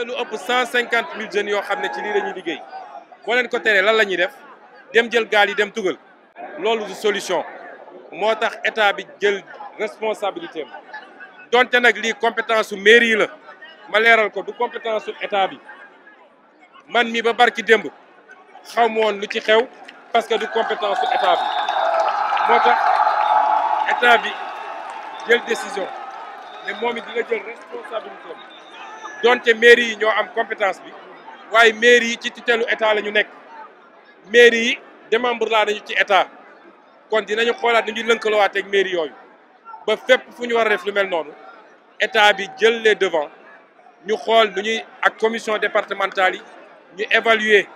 na lu ëpp cent jeunes yoo xam ne ci lii la ñuy liggéey boo leen ko teree lan la ñuy def dem jël gaal yi dem tugal loolu du solution moo tax état bi jël responsabilité am donte nag lii compétence su mairie yi la ma leeral ko du compétence su état bi man mi ba barki démb xaw ma lu ci xew parce que du compétence su état bi moo tax état bi jël décision ne moom dina jël responsabilité donte mairie yi ñoo am compétence bi waye mairie yi ci tutelu état la ñu nekk mairie yi membre la dañu ci état kon dinañu xoolaat ni ñu wat ak mairie yoyu ba fep fuñu wara def lu mel noonu état bi jël les devants ñu xol luñuy ak commission départementale yi ñu évaluer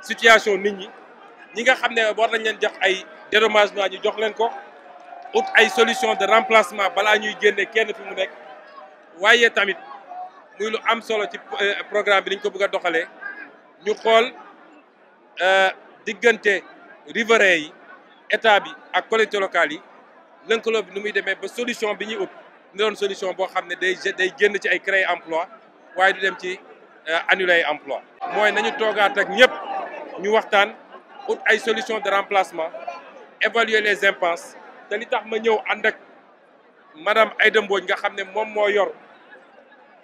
situation nit ñi ñi nga xamné ne war leen jox ay dédommagement ñu jox leen ko out ay solution de remplacement bala ñuy génne kenn fi mu nekk wayé tamit muy lu am solo ci eh, programme bi niñ ko bëgg doxalé doxalee ñu xool eh, diggante riverains yi état bi ak collectivités locales yi lënkaloo bi nu muy demee ba solution bi ñuy upp ni doon solution bo xamné day day génn ci ay créer emploi waye du dem ci eh, annuler emploi moy nañu togaat ak ñëpp ñu waxtaan out ay solution de remplacement évaluer les impenses té li tax ma ñëw ànd ak madame Aïda Mbodj nga xamné mom mo yor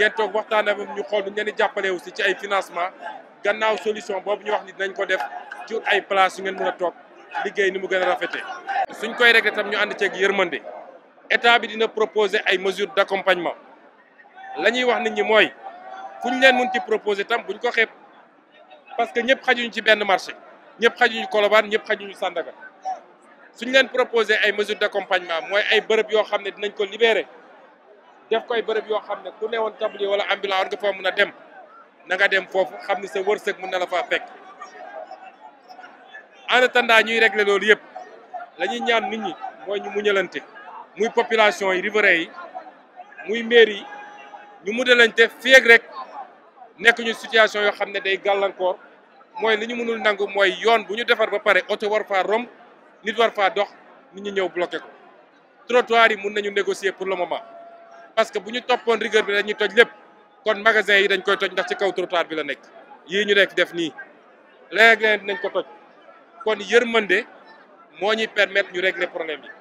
ngeen toog waxtaan ak ñu xool nu ngeen di jàppale aussi ci ay financement gannaaw solution boobu ñu wax ni dinañ ko def ci ay place yu ngeen mën a toog liggéey ni mu gën a rafete suñ koy réglé tam ñu ànd ceeg yërmande état bi dina proposer ay mesures d'accompagnement la ñuy wax nit ñi mooy fu ñu leen mën ci proposer tam bu buñ ko xeeb parce que ñëpp xajuñu ci benn marché ñëpp xajuñu Colobane ñëpp ñu Sandaga suñ leen proposer ay mesures d'accompagnement mooy ay bërëb yoo xam ne dinañ ko libérer. def koy bërëb yoo xam ne ku newoon tabli wala ambulant war nga fa mën a dem na nga dem foofu xam ne sa wërsëg mën na la faa fekk en attendant ñuy régler loolu yëpp la ñaan nit ñi mooy ñu muñalante muy population yi riverains yi muy maire yi ñu mudalante féeg rek nekk ñu situation yoo xam ne day gàllankoor mooy li ñu mënul nangu mooy yoon bu ñu defar ba pare oto war faa romb nit war faa dox nit ñi ñëw bloqué ko trottoir yi mun nañu négocier pour le moment parce que buñu topone rigueur bi dañuy toj lepp kon magasin yi dañ koy toj ndax ci kaw trottoir bi la nek yi ñu nek def nii léeg-léeg dinañ ko toj kon yërmande moo ñuy permettre ñu régler problème yi